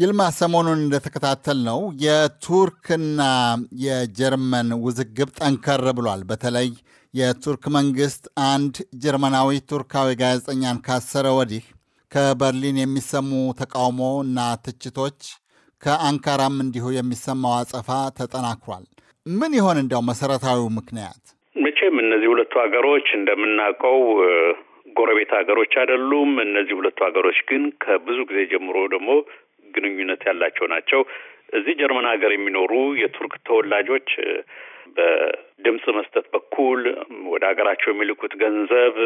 ይልማ ሰሞኑን እንደተከታተል ነው የቱርክና የጀርመን ውዝግብ ጠንከር ብሏል። በተለይ የቱርክ መንግስት አንድ ጀርመናዊ ቱርካዊ ጋዜጠኛን ካሰረ ወዲህ ከበርሊን የሚሰሙ ተቃውሞ እና ትችቶች፣ ከአንካራም እንዲሁ የሚሰማው አጸፋ ተጠናክሯል። ምን ይሆን እንዲያው መሰረታዊው ምክንያት? መቼም እነዚህ ሁለቱ ሀገሮች እንደምናውቀው ጎረቤት ሀገሮች አይደሉም። እነዚህ ሁለቱ ሀገሮች ግን ከብዙ ጊዜ ጀምሮ ደግሞ ግንኙነት ያላቸው ናቸው። እዚህ ጀርመን ሀገር የሚኖሩ የቱርክ ተወላጆች በድምፅ መስጠት በኩል ወደ ሀገራቸው የሚልኩት ገንዘብ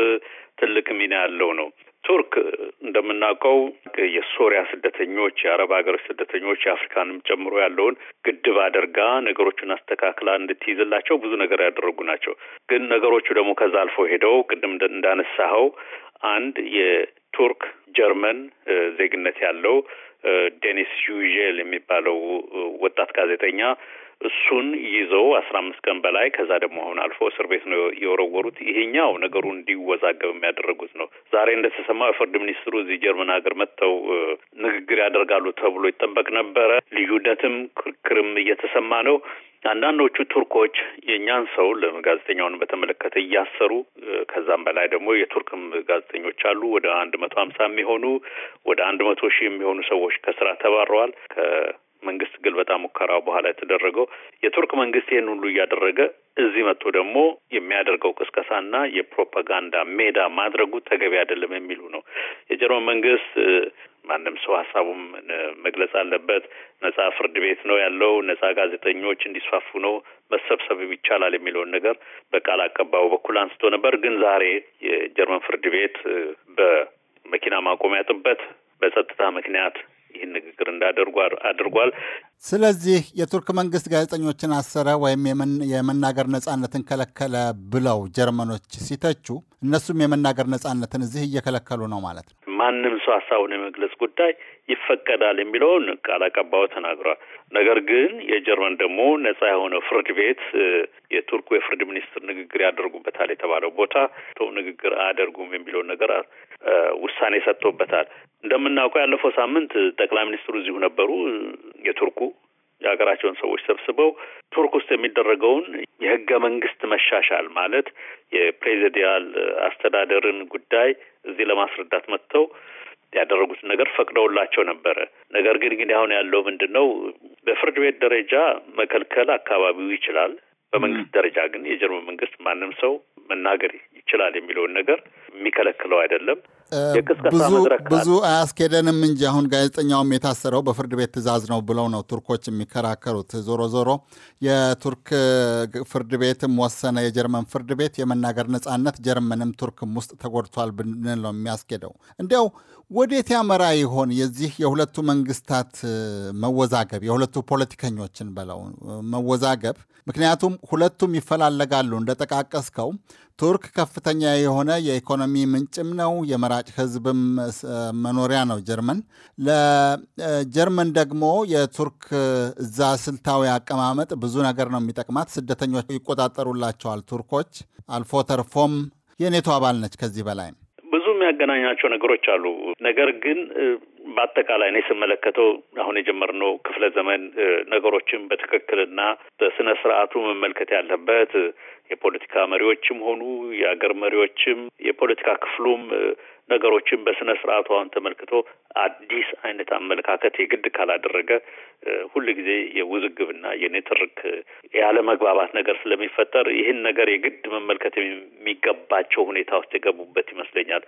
ትልቅ ሚና ያለው ነው። ቱርክ እንደምናውቀው የሶሪያ ስደተኞች፣ የአረብ ሀገሮች ስደተኞች የአፍሪካንም ጨምሮ ያለውን ግድብ አድርጋ ነገሮቹን አስተካክላ እንድትይዝላቸው ብዙ ነገር ያደረጉ ናቸው። ግን ነገሮቹ ደግሞ ከዛ አልፎ ሄደው ቅድም እንዳነሳኸው አንድ የቱርክ ጀርመን ዜግነት ያለው ዴኒስ ዩዤል የሚባለው ወጣት ጋዜጠኛ እሱን ይዘው አስራ አምስት ቀን በላይ ከዛ ደግሞ አሁን አልፎ እስር ቤት ነው የወረወሩት። ይሄኛው ነገሩ እንዲወዛገብ የሚያደረጉት ነው። ዛሬ እንደተሰማው የፍርድ ሚኒስትሩ እዚህ ጀርመን ሀገር መጥተው ንግግር ያደርጋሉ ተብሎ ይጠበቅ ነበረ። ልዩነትም ክርክርም እየተሰማ ነው። አንዳንዶቹ ቱርኮች የእኛን ሰው ጋዜጠኛውን በተመለከተ እያሰሩ ከዛም በላይ ደግሞ የቱርክም ጋዜጠኞች አሉ ወደ አንድ መቶ ሀምሳ የሚሆኑ ወደ አንድ መቶ ሺህ የሚሆኑ ሰዎች ከስራ ተባረዋል። ከመንግስት ግልበጣ ሙከራው በኋላ የተደረገው የቱርክ መንግስት ይህን ሁሉ እያደረገ እዚህ መጥቶ ደግሞ የሚያደርገው ቅስቀሳና የፕሮፓጋንዳ ሜዳ ማድረጉ ተገቢ አይደለም የሚሉ ነው። የጀርመን መንግስት ማንም ሰው ሀሳቡም መግለጽ አለበት። ነጻ ፍርድ ቤት ነው ያለው፣ ነጻ ጋዜጠኞች እንዲስፋፉ ነው፣ መሰብሰብም ይቻላል የሚለውን ነገር በቃል አቀባዩ በኩል አንስቶ ነበር። ግን ዛሬ የጀርመን ፍርድ ቤት በ መኪና ማቆሚያ ጥበት በጸጥታ ምክንያት ይህን ንግግር እንዳደርጉ አድርጓል። ስለዚህ የቱርክ መንግስት ጋዜጠኞችን አሰረ ወይም የመናገር ነጻነትን ከለከለ ብለው ጀርመኖች ሲተቹ እነሱም የመናገር ነጻነትን እዚህ እየከለከሉ ነው ማለት ነው። ማንም ሰው ሀሳቡን የመግለጽ ጉዳይ ይፈቀዳል የሚለውን ቃል አቀባዩ ተናግሯል። ነገር ግን የጀርመን ደግሞ ነጻ የሆነ ፍርድ ቤት የቱርኩ የፍርድ ሚኒስትር ንግግር ያደርጉበታል የተባለው ቦታ ንግግር አያደርጉም የሚለውን ነገር ውሳኔ ሰጥቶበታል። እንደምናውቀው ያለፈው ሳምንት ጠቅላይ ሚኒስትሩ እዚሁ ነበሩ። የቱርኩ የሀገራቸውን ሰዎች ሰብስበው ቱርክ ውስጥ የሚደረገውን የህገ መንግስት መሻሻል ማለት የፕሬዚዲያል አስተዳደርን ጉዳይ እዚህ ለማስረዳት መጥተው ያደረጉትን ነገር ፈቅደውላቸው ነበረ። ነገር ግን ግን አሁን ያለው ምንድን ነው? በፍርድ ቤት ደረጃ መከልከል አካባቢው ይችላል። በመንግስት ደረጃ ግን የጀርመን መንግስት ማንም ሰው መናገር ይችላል የሚለውን ነገር የሚከለክለው አይደለም። ብዙ አያስኬደንም እንጂ አሁን ጋዜጠኛውም የታሰረው በፍርድ ቤት ትእዛዝ ነው ብለው ነው ቱርኮች የሚከራከሩት። ዞሮ ዞሮ የቱርክ ፍርድ ቤትም ወሰነ፣ የጀርመን ፍርድ ቤት የመናገር ነጻነት ጀርመንም ቱርክም ውስጥ ተጎድቷል ብንል ነው የሚያስኬደው። እንዲያው ወዴት ያመራ ይሆን የዚህ የሁለቱ መንግስታት መወዛገብ፣ የሁለቱ ፖለቲከኞችን በለው መወዛገብ? ምክንያቱም ሁለቱም ይፈላለጋሉ እንደጠቃቀስከው ቱርክ ከፍተኛ የሆነ የኢኮኖሚ ምንጭም ነው የመራ አማራጭ ህዝብም መኖሪያ ነው ጀርመን። ለጀርመን ደግሞ የቱርክ እዛ ስልታዊ አቀማመጥ ብዙ ነገር ነው የሚጠቅማት። ስደተኞች ይቆጣጠሩላቸዋል ቱርኮች። አልፎ ተርፎም የኔቶ አባል ነች። ከዚህ በላይ ብዙ የሚያገናኛቸው ነገሮች አሉ። ነገር ግን በአጠቃላይ እኔ ስመለከተው አሁን የጀመርነው ክፍለ ዘመን ነገሮችን በትክክልና በስነ ስርዓቱ መመልከት ያለበት የፖለቲካ መሪዎችም ሆኑ የአገር መሪዎችም የፖለቲካ ክፍሉም ነገሮችን በስነ ስርዓቱ አሁን ተመልክቶ አዲስ አይነት አመለካከት የግድ ካላደረገ ሁል ጊዜ የውዝግብና የንትርክ ያለመግባባት ነገር ስለሚፈጠር ይህን ነገር የግድ መመልከት የሚገባቸው ሁኔታ ውስጥ የገቡበት ይመስለኛል።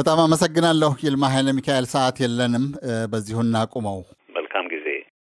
በጣም አመሰግናለሁ። ይልማ ኃይለ ሚካኤል፣ ሰዓት የለንም፣ በዚሁ እናቁመው።